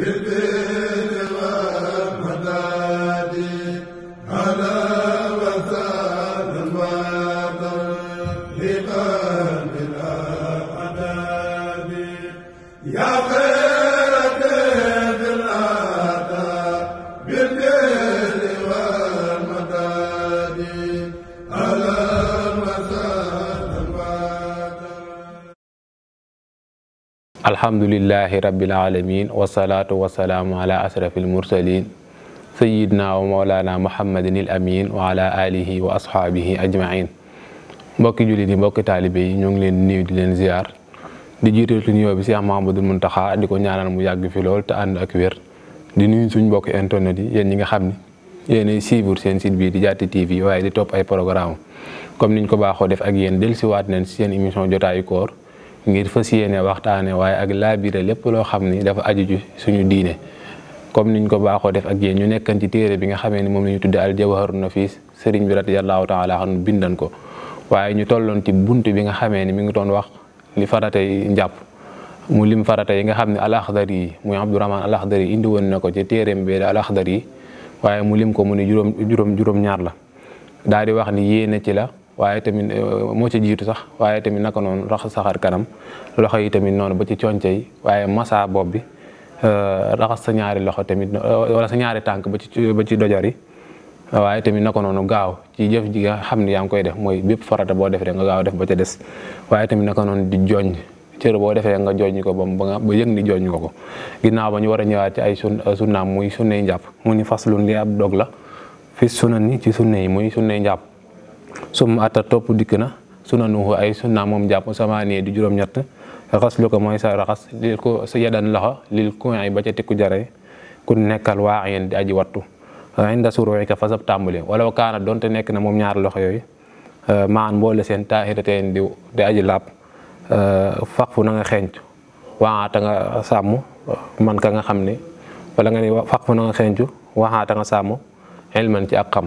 Bebe alhamdulillahi rabbil alamin wasalaatu wasalaamu ala ashrafil mursalin sayidna wa mawlana muhammadin il amin wa ala alihi wa ashaabihi ajmain mbokki jullit yi mbokki taalibe yi ñoo ngi leen nuyu di leen ziar di jiitatu nuyoo bi Cheikh Mouhamadoul Mountakha di ko ñaanal mu yàgg fi lool te ànd ak wér di nuyu suñ mbokki internet yi yéen ñi nga xam ni yéenay suivre seen site bii di Diatty TV waaye di topp ay programme comme niñ ko baaxoo def ak yéen dellusiwaat nañ si seen émission jotaayu koor ngir fassiyene waxtane way ak laabire lépp lo xam ni dafa aju ju suñu diine comme niñ ko baxo def ak ye ñu nekkan ci téere bi nga xamé ni mom lañu tuddé al jawharun nafis sëriñ bi radiyallahu taala anhu bindan ko waye ñu tollon ci buntu bi nga xamé ni mi ngi doon wax li yi njàpp mu lim farata yi nga xamni ne akhdari mu abdurrahman al akhdari indi won nako ko ci téré mbé al akhdari waye mu lim ko mu ni juróom juróom juróom ñaar la daali wax ni yéene ci la waaye tamit eh, moo ci jiitu sax waaye tamit naka noonu raxas saxaar kanam loxo yi tamit noonu ba ci conce yi waaye massa bopp bi eh, raxas sa ñaari loxo tamit eh, wala sa ñaari tànk ba ci ba ci dojar yi waaye tamit naka noonu gaaw ci jëf ji nga xam ne yaa ngi koy def mooy bépp farata boo defee nga gaaw def ba ca des waaye tamit naka noonu di joñ cër boo defee nga joñ ko ba nga ba yëg ni joñ ko ko ginnaaw ba ñu war a ñëwaat ci ay sun sunnaam muy sunnay njàpp mu ni faslun ne ab dog la fi sunan ni ci sun yi muy sunnay njàpp sum ata top dik na sunanuhu ay sunna japp sama samaaniye di juróom ñatt raxas lu ko moy sa raxas di ko sa yadan loxo lil ku ay ba ca tikku jare ku nekkal waa yeen di aji wattu ah, inda suru'ika ka fasab tambule wala kaana donte nek na mom ñaar lox yoy ah, maan mboole sen tahiratayn di di aji lap ah, faqfu na nga xenc waxaata nga sammu man ka nga xamne wala nga ni faqfu na nga xencu waxaata nga sammu ilman ci akam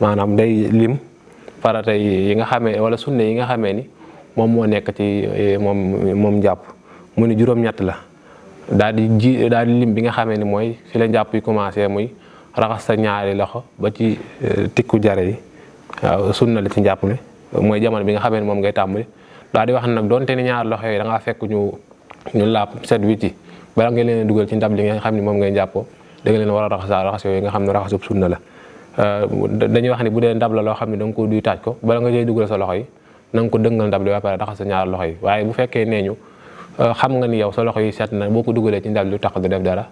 manam day lim farata yi nga xamé wala sunna yi nga xamé ni mom mo nek ci eh, mom mom japp mu ni juroom ñatt la daal di ji lim bi nga xamé ni moy fi la japp yi commencé muy raxas ñaari loxo ba ci eh, tikku jare yi sunna li ci japp mi moy jamal bi nga xamé ni mom ngay tambali daal di wax nak donte ni ñaar loxo yi da nga fekk ñu ñu lap set witi bala nga leen dugal ci ndab li nga xamni mom ngay jappo da nga leen wara raxas raxas yoy nga xamni raxasu sunna la Euh, dañuy wax ni bu dee ndab la loo xam ne da nga ko duy taaj ko bala nga jëy dugal sa loxo yi na ko dëngal ndab li ba sa ñaar loxo yi waaye bu fekkee nee ñu euh, xam nga ni yow sa loxo yi set na boo ko dugalee ci ndab li tax du def dara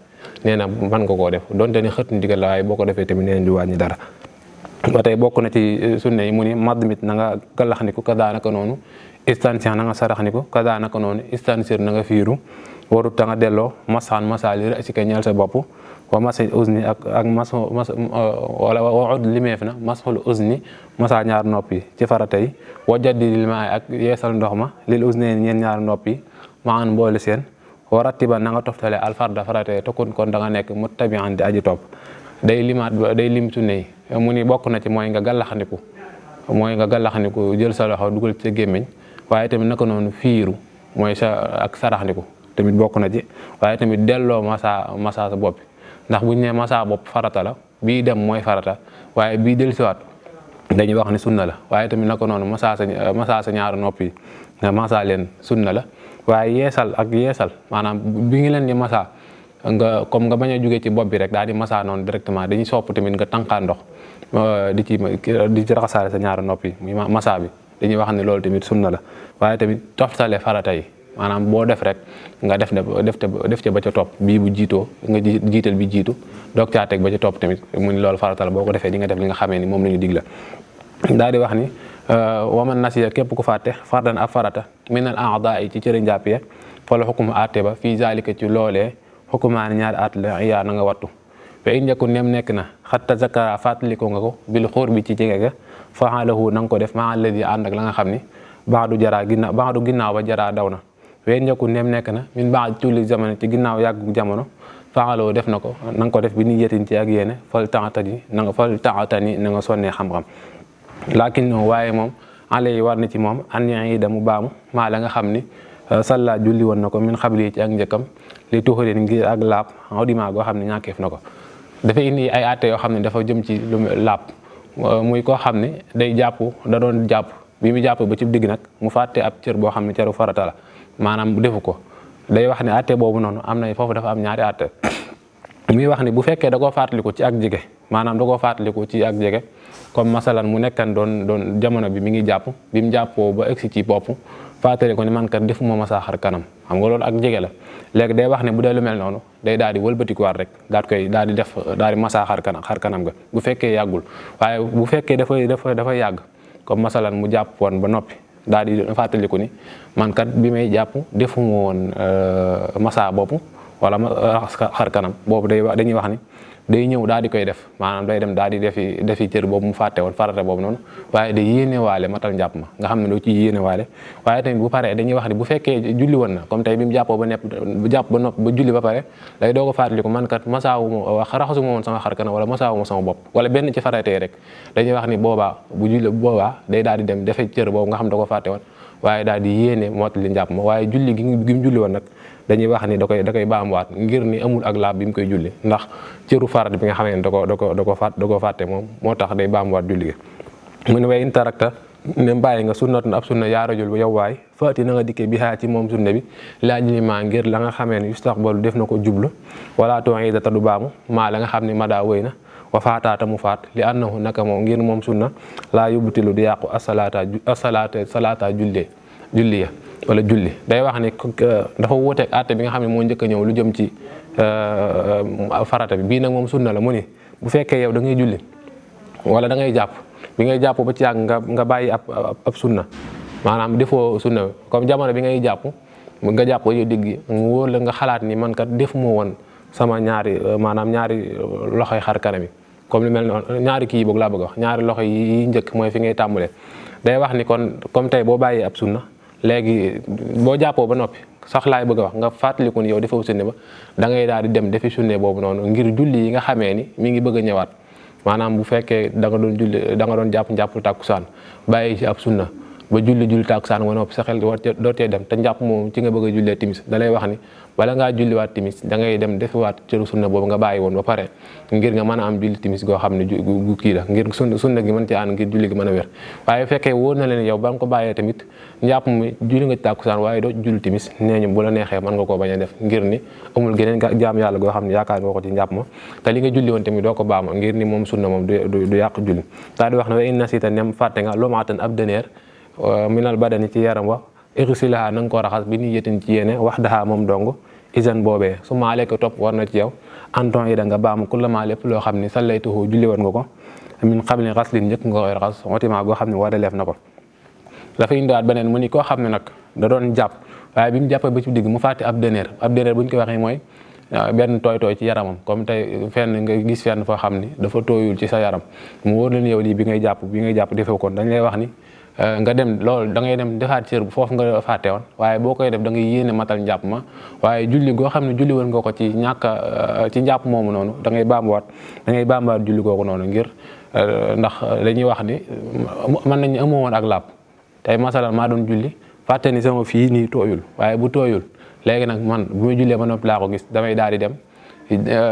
nee na mën nga koo def donte ni xët ndigal la waaye boo ko defee tamit nee na du dara ba tey bokk na ci euh, sunne yi mu ni madd mit na nga galax ni ka daanaka noonu istansir na nga sarax ni ko ka daanaka noonu istansir na nga fiiru warut ta nga delloo masaan masaali rek si ka ñeel sa bopp wa masil usni ak ak mas uh, wala wa ud limeef na masul usni masa ñaar noppi ci farata yi wa jaddi lil maay ak yeesal ndox ma lil usni ñeen ñaar noppi ma an mboole seen wa rattiba na nga toftale alfarda farata yi tokkun kon da nga nekk muttabi'an di aji topp day limaat day lim sunne mu ni bokk na ci mooy nga gàllaxandiku mooy nga gàllaxandiku jël sa loxo dugal ci gémmiñ waaye tamit naka noonu fiiru mooy sa ak saraxandiku tamit bokk na ci waaye tamit delloo masa masa sa bopp ndax buñ ne massa bopp farata la bi dem mooy farata waaye bii dellusiwaat dañuy wax ne sunna la waaye tamit naka noonu massa sa massa sa ñaari nopp yi nga massa leen sunna la waaye yeesal ak yeesal maanaam bi ngi leen di massa nga comme nga bañ a jóge ci bopp bi rek daal di massa noonu directement dañuy sopp tamit nga tànqaa ndox euh, di ci di ci raxasaale sa ñaari nopp yi muy massa bi dañuy wax ne loolu tamit sunna la waaye tamit toftale farata maanaam boo def rek nga def def def ca ba ca topp bii bu jiitoo nga jiital bi jiitu doog caa teg ba top tamit mu lool loolu faratal boo ko defee di nga def li nga xamee ni moom la ñu dig la daal di wax ni euh, waman nasiya képp ku fàtte fardan ab farata na aada yi ci cëriñ jàpp ya fala xukum atte ba fii zalika ci loolee xukumaani ñaari at la yaa na nga wattu fa in njëkku nem nekk na xatta zakara fàttaliko nga ko bil xóor bi ci jege ga faxalahu na nga ko def maa alladi ànd ak la nga xam ni baadu jaraa ginnaaw baadu ginnaaw ba jaraa daw na ween njëkku neem nekk na min baax tulli jamono ci ginnaaw yàggu jamono faaxaloo def na ko na nga ko def bi ni yetin ci ak yéene fal taxatan a na nga fal taxatan yi na nga sonnee xam-xam laakin noonu waaye moom ale yi war na ci moom an yi damu baamu maa la nga xam ni euh, salla julli woon na ko min xabli ci ak njëkkam li tuxaleen ngir ak laab awdiment goo xam ne ñàkkeef na ko dafa indi ay atte yoo xam ne dafa jëm ci lu euh, muy koo xam ne day jàpp da doon jàpp bi mu jàpp ba ci digg nag mu fàtte ab cër boo xam ne cëru farata la maanaam defu ko day wax ne atte boobu noonu am na foofu dafa am ñaari atte muy wax ni bu fekkee da koo fàttaliku ci ak jege maanaam da koo fàttaliku ci ak jege comme masalan mu nekkan doon doon jamono bi mi ngi jàpp bi mu jàppoo ba egsi ci bopp fàttali ko ni man kat defuma ma saaxar kanam xam loolu ak jege la léegi day wax ne bu dee lu mel noonu day daal di wëlbatikuwaat rek daal koy daal di def daal di masaa kanam xar kanam ga bu fekkee yàggul waaye bu fekkee dafay dafay yàgg comme masalan mu jàpp woon ba noppi daal di fàttaliku ni man kat bi may jàpp defuma woon euh, massa bopp wala ma raxas euh, xar kanam boobu day dañuy wax ni day ñëw daal di koy def maanaam day dem daal di defi defi cër boobu mu fàtte woon farata boobu noonu waaye day yéenewaale matal njàpp ma nga xam ne doo ci yéenewaale waaye tamit bu paree dañuy wax ni bu fekkee julli woon na comme tey bi mu jàppoo ba nepp jàpp ba nopp ba julli ba pare day doo ko fàttaliku man kat masaawuma wax raxasuma woon sama xar kanam wala masaawuma sama bopp wala benn ci farata yi rek dañuy wax boobaa bu julli boobaa day daal di dem defe cër boobu nga xam da ko fàtte woon waaye daal di yéene mottali njàpp ma waaye julli gi mu julli woon nag dañuy wax ni da koy da koy baamuwaat ngir ni amul ak laab bi mu koy julli ndax cëru farat bi nga xamee ne da ko da ko da ko fàtt da ko fàtte moom moo tax day baamuwaat julli gi mu ne way intarakta ne bàyyi nga sunnatun ab sunna yaa rajul bu yow waay faati na nga dikkee bi xaa ci moom sunna bi laaj li maa ngir la nga xamee ne yustaqbalu def na ko jublu wala toon yi data du baamu maa la nga xam ne madaa wëy na wa faataata mu faat li annahu naka moom ngir moom sunna laa yubtilu di yàqu asalaata asalaata salaata jullee julli ya wala julli day wax ne dafa wuuteeg àtte bi nga xam ne moo njëkk a ñëw lu jëm ci euh, euh, farata bi bii nag moom sunna la mu ni bu fekkee yow da ngay wala da ngay jàpp bi ngay jàpp ba ci yàgg nga nga bàyyi ab ab sunna maanaam defoo sunna comme jamono bi ngay jàpp nga jàpp ba digg mu la nga xalaat ni man kat woon sama ñaari euh, maanaam ñaari loxoy xar kanam yi comme lu mel noonu ñaari kii boog laa bëgg wax ñaari loxo yi njëkk mooy fi ngay tàmbalee day wax ni kon comme tey boo bàyyee ab sunna léegi boo jàppoo ba noppi sax laay bëgg a wax nga fàttaliku ni yow defoo sunne ba da ngay daal di dem defi sunne boobu noonu ngir julli yi nga xamee ni mi ngi bëgg a ñëwaat maanaam bu fekkee da nga doon julli danga doon jàpp njàpp saan bàyyi ci ab sunna ba julli julli tàkkusaan wono sa xel do te dem te njàpp moom ci nga bëgg julle timis da lay wax ni bala julli wat timis da ngay dem defiwaat cëru sunna bobu nga bàyyi won ba pare ngir nga mën am julli timis go xamni gu ki la ngir sunna sunna gi mën ci an ngir julli gi mën a waye fekke fekkee na len yow ba nga ko bàyyee tamit njàpp mi julli nga tàkkusaan waye do julli timis neñu bu la nexé man nga ko baña def ngir ni amul geneen jaam yàlla goo xam ne yaakaar boko ci njàpp mo te li nga julli won tamit do ko baama ngir ni mom sunna mom du yaq julli daal di wax na wa in nasita nem fàtte nga lomaatan ab Euh, minal badani ci yaram wax irsilaha na nga ko raxas bi ni yëtin ci yéene wax daxaa moom dong isan boobee su ma aleyka topp war na ci yow ton yi da nga baamu kullama lépp loo xam ni sallaytuhu julli woon nga ko min xam ne xas lin njëkk nga goo xam ne war a leef na ko dafa indiwaat beneen mu ni koo xam ne nag da doon jàpp waaye bi mu jàppee ba ci digg mu fàtte ab dëneer ab dëneer bu ñu ko waxee mooy benn tooy tooy ci yaramam comme tey fenn nga gis fenn foo xam ni dafa tooyul ci sa yaram mu wóor leen yow lii bi ngay jàpp bi ngay jàpp defew koon dañ lay wax ni Euh, nga dem lool da ngay dem defaat cër foofu nga fàtte woon waaye boo koy def da ngay yéene matal njàpp ma waaye julli goo xam ne julli woon nga ko ci ñàkk euh, ci njàpp moomu noonu dangay ngay baamwaat da ngay baamwaat julli ko noonu ngir euh, ndax dañuy wax ni mën nañu amoo woon ak làpp te masalan maa doon julli fàtte ni sama fii nii tooyul waaye bu tooyul léegi nag man bu may jullee ma noppi laa ko gis damay daal di dem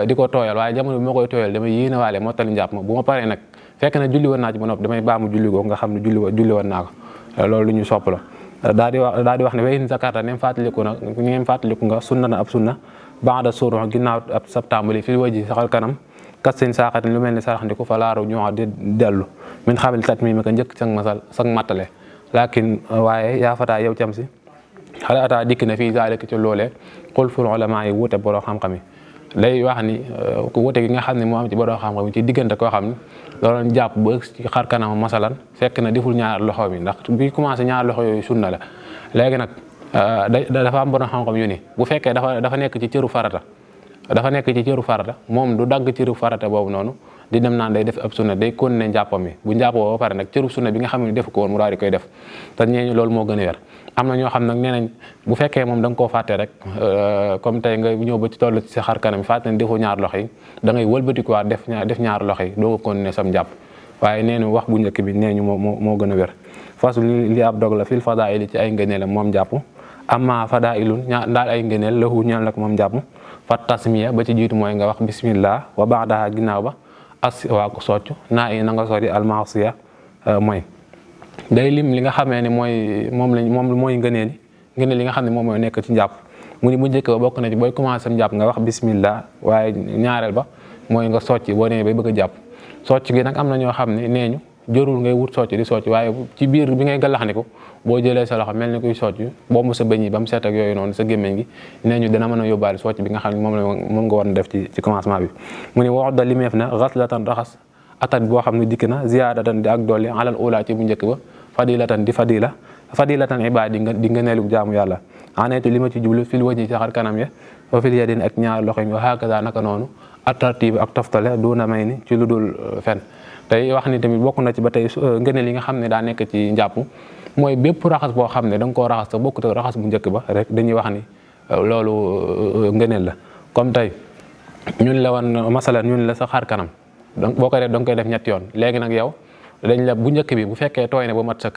di ko waaye jamono bi ma koy tooyal damay yéene waale mottali njàpp ma bu ma paree nag fekk na julli woon naa ci ba noppi damay baamu julli go nga xam julli julli julli woon naa ko loolu lu sopp la daadi wax daa di wax ne weyn zakarta nem fàttaliku na neem fàttaliku nga sunna na ab sunna banda suru ginnaaw ab sab fi waji saxal kanam kat seen saaxatin lu mel ni saraxndiku fa laaru ñoa di dellu min xamil tatmim ka ñeek ci ak masal sax matale laakin waye ya fata yow ci am si ata dik na fi zalika ci lolé qul ful ulama yi wute borom xam xami day wax ni euh, ku wute gi nga xam ne moom am ci borom xam-xam ci diggante koo xam ne looloon jàpp ba ci xar kanam masalan fekk na deful ñaar loxo bi ndax bi commencé ñaar loxo yooyu sunna la léegi nag euh, dafa am borom xam-xam yu ni bu fekkee dafa dafa nekk ci cëru farata dafa nekk ci cëru farata moom du dagg cëru farata boobu noonu di dem nan day def ab sunna day konne ne mi bu njàppoo ba pare nak cëru sunna bi nga xamni def ko won mu di koy def ta ñeñu lool mo gëna wër amna ño xam nak nenañ bu fekke mom dang ko faté fàtte rek euh, comme tay nga ñëw ba ci tollu ci xar kanam faté defu ñaar loxo da ngay wëlbatikuwaat def def ñaar loxo do ko konne sam njàpp waye nee wax bu ñëk bi nee mo mo gëna wër fasul li ab dog la fil fadaili ci ay ngeenel mom jàpp amma fadailun ñaa ndaal ay ngeenel lahu ñal nak mom moom fa fat tasmiya ba ci jitu moy nga wax bismillah wa ba'daha ginaaw ba as waa ku socc naa i na nga sori almaasiya euh, mooy day lim li nga xamee ne mooy moom lañ moom mooy ngëneel ngëneel li nga xam ne moom mooy nekk ci njàpp mu bu njëkk ba bokk na ci booy commencé sam njàpp nga wax bismillah waaye ñaareel ba mooy nga socc boo nee bay bëgg a jàpp socc nag am na ñoo xam ne nee ñu jërul ngay wut socc di socc waaye ci biir bi ngay galaxandiku boo jëlee sa loxo mel ni kuy socc bomb sa bëñ yi ba mu set yooyu noonu sa gémmiñ gi nee ñu dina mën a yóbbaale socc bi nga xam ne moom la moom na def ci boo xam ne dikk na ziyaadatan di ak dolli alal ula ci bu njëkk ba fadilatan di fadila fadilatan ibaad di di nga neelu jaamu yàlla aneetu li ma ci jublu fil wajhi saxar kanam ya fa fil yadin ak ñaar loxoñ wa hakaza naka noonu attartiib ak toftale lu dul euh, tey wax ni tamit bokk na ci ba tey euh, ngëneel yi nga xam ne daa nekk ci njàpp mooy bépp raxas boo xam ne da ko raxas te bokkut raxas bu njëkk ba rek dañuy wax ni euh, loolu euh, ngëneel la comme tey ñun la woon masala ñun la sa xar kanam donc boo koy def da nga koy def ñetti yoon léegi nag yow dañ la bu njëkk bi bu fekkee tooy ne ba mat sëkk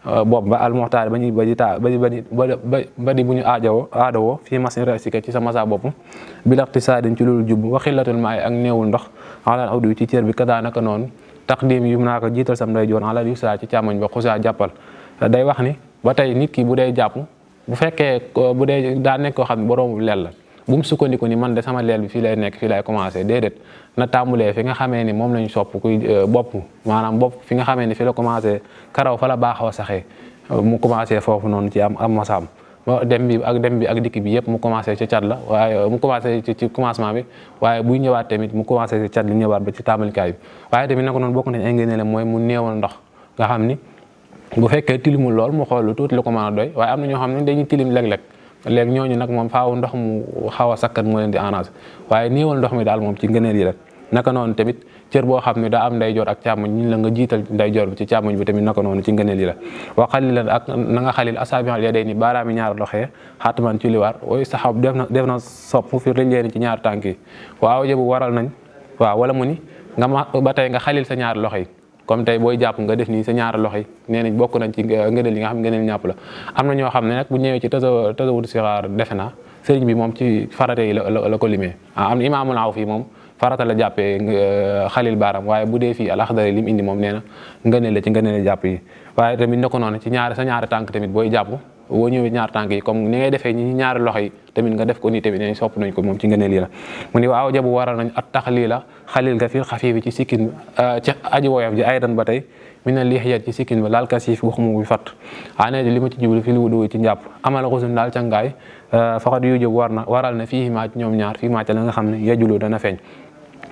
Eh, bopp ba al muxtaar ba ñuy ba di taa ba di ba di bu ñu aajawoo aadawoo fii masin rasika ci sama saa bopp bi laqtisaadin ci loolu jub wa xillatul maay ak néewul ndox alal awdu ci cër bi kadaa naka noonu taqdim yu naa ko jiital sam day joon alal yu saa ci càmmoñ ba xusaa jàppal day wax ni ba tey nit ki bu dee bu fekkee bu dee daa ko koo xam ne lel bu mu sukkandiku ni man de sama leel bi fii lay nekk fii lay commencé déedéet na tàmbulee fi nga xamee ni moom lañ sopp kuy euh, bopp maanaam bopp fi nga xamee ni fi la commencé karaw fa la baaxoo saxee euh, mu commencé foof noonu ci am am masaam dem bi ak bi ak dikk bi yëpp mu commencé ci cat la waaye euh, mu commencé ci commencement bi waaye buy ñëwaat tamit mu commencé ci cat li ñëwaat ba ci tàmbalikaay bi waaye tamit na ko bokk nañ ay ngëneelam mooy mu néewal ndox nga xam ni bu fekkee tilimul lool mu xool lu tuuti lu ko mën a doy waaye am na ñoo xam ne dañuy tilim léeg-léeg léegi ñooñu nag moom faaw ndox mu xaw a sakkan moo leen di arrangé waaye néewal ndox mi daal moom ci ngëneel yi rek naka noonu tamit cër boo xam ne daa am ndeyjoor ak càmmoñ ñu la nga jiital ndeyjoor bi ci càmmoñ bi tamit naka noonu ci ngëneel yi la wa xalilan ak na nga xalil asaabi'al yadayni baaraami ñaar loxee xaataman ci liwaar ooy saxab def na def na sopp fi rëj leen ci ñaar tànk yi waaw jëbu waral nañ waaw wala mu ni nga ma ba tey nga xalil sa ñaar loxo yi comme tey booy jàpp nga def nii sa ñaar loxo yi nee nañ bokk nañ ci ngëneel yi nga xam ngëneel ñàpp la am na ñoo xam ne nag bu ñëwee ci tasa tasawut sixaar defe na sëriñ bi moom ci farate yi la la ko limee ah am na imaamul aw fii moom farata la jàppee euh, xalil baaram waaye bu dee fii alaxdari lim indi moom nee na ngëneel la ci ngëneel jàpp yi waaye tamit ne ko ci ñaari sa ñaari tànk tamit booy jàpp boo ñëwee ñaar tànk yi comme ni ngay defee ñi ñaari loxo yi tamit nga def ko nii tamit neñ sopp nañ ko moom ci ngëneel yi la mu ni waaw jabu waral nañ at taxlii la xalil ga fil xafiif bi ci sikkin euh, ci aji woyof ji ba tey mi ne liixiyat ci sikkin ba laal kasiif waxumu li ma ci jublu fi lu wudu ci njàpp amal xusun daal ca ngaay euh, faxat yu jëb war na waral na fii maa ñoom ñaar fii maa ci la nga xam ne yajulu dana feeñ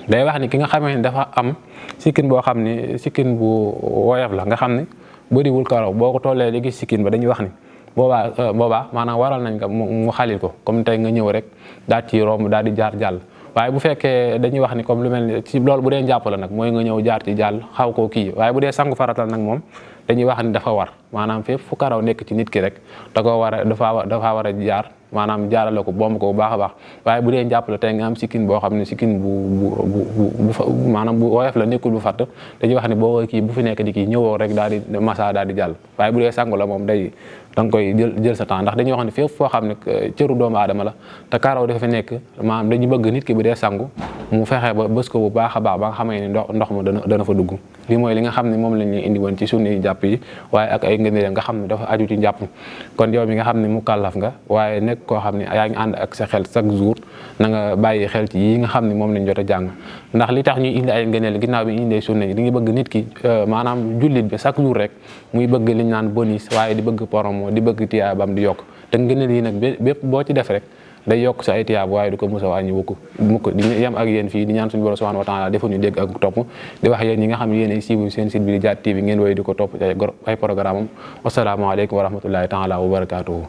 day wax ni ki nga xamee ne dafa am sikkin boo xam ne sikkin bu woyof la nga xam ne bëriwul karaw boo ko tollee li gis ba dañuy wax ni boobaa euh, boobaa maanaam waral nañ ko mu xalil ko comme tey nga ñëw rek daal ci romb daal di jaar jàll waaye bu fekkee dañuy wax ni comme lu mel ni ci loolu bu dee njàpp la nag mooy nga ñëw jaar ci jàll xaw ko kii waaye bu dee sangu faratal nag moom dañuy wax ni dafa war maanaam fépp fu karaw nekk ci nit ki rek da koo dafa war jaar maanaam jaarale ko boom ko bu baax a baax waaye bu dee njàpp la tey nga boo xam ne sikkin bu bu bu bu maanaam bu woyof la nekkul bu fatt dañuy wax ne boo kii bu fi nekk di kii ñëwoo rek daal di massa daal di jàll waaye bu dee sangu la moom day da nga jël jël sa temps ndax dañuy ne fépp foo xam ne cëru aadama la te kaaraw dafa fi nekk maanaam dañu bëgg nit ki bu dee sangu mu fexe ba bës ko bu baax a baax ba nga xamee ne ndox ndox ma dana dana fa dugg li mooy li nga xam ne moom lañ leen indi woon ci suñuy jàpp yi waaye ak ay ngëneel nga xam ne dafa aju ci njàpp kon yow mi nga xam ne mu kàllaf nga waaye nekk koo xam ne yaa ngi ànd ak sa xel jour na nga bàyyi xel ci yi nga xam ne moom lañ jot a jàng ndax li tax ñuy indi ay ngëneel ginnaaw bi ñu indee sunna yi dañuy bëgg nit ki euh, maanaam jullit bi chaque jour rek muy bëgg liñ naan bonus waaye di bëgg poromo di bëgg tiyaabam di yokk te ngëneel yi nag bépp boo ci def rek day yokk sa ay tiyaab waaye du ko mos a wàññi wukk mukk di yem ak yéen fii di ñaan suñu borom subhanahu wa taala defu ñu dégg ak topp di wax yéen ñi nga xam ne siibu seen site bi di Diatty TV ngeen woy di ko topp ay ay programme am wasalaamaaleykum wa rahmatullahi taala wa barakatuhu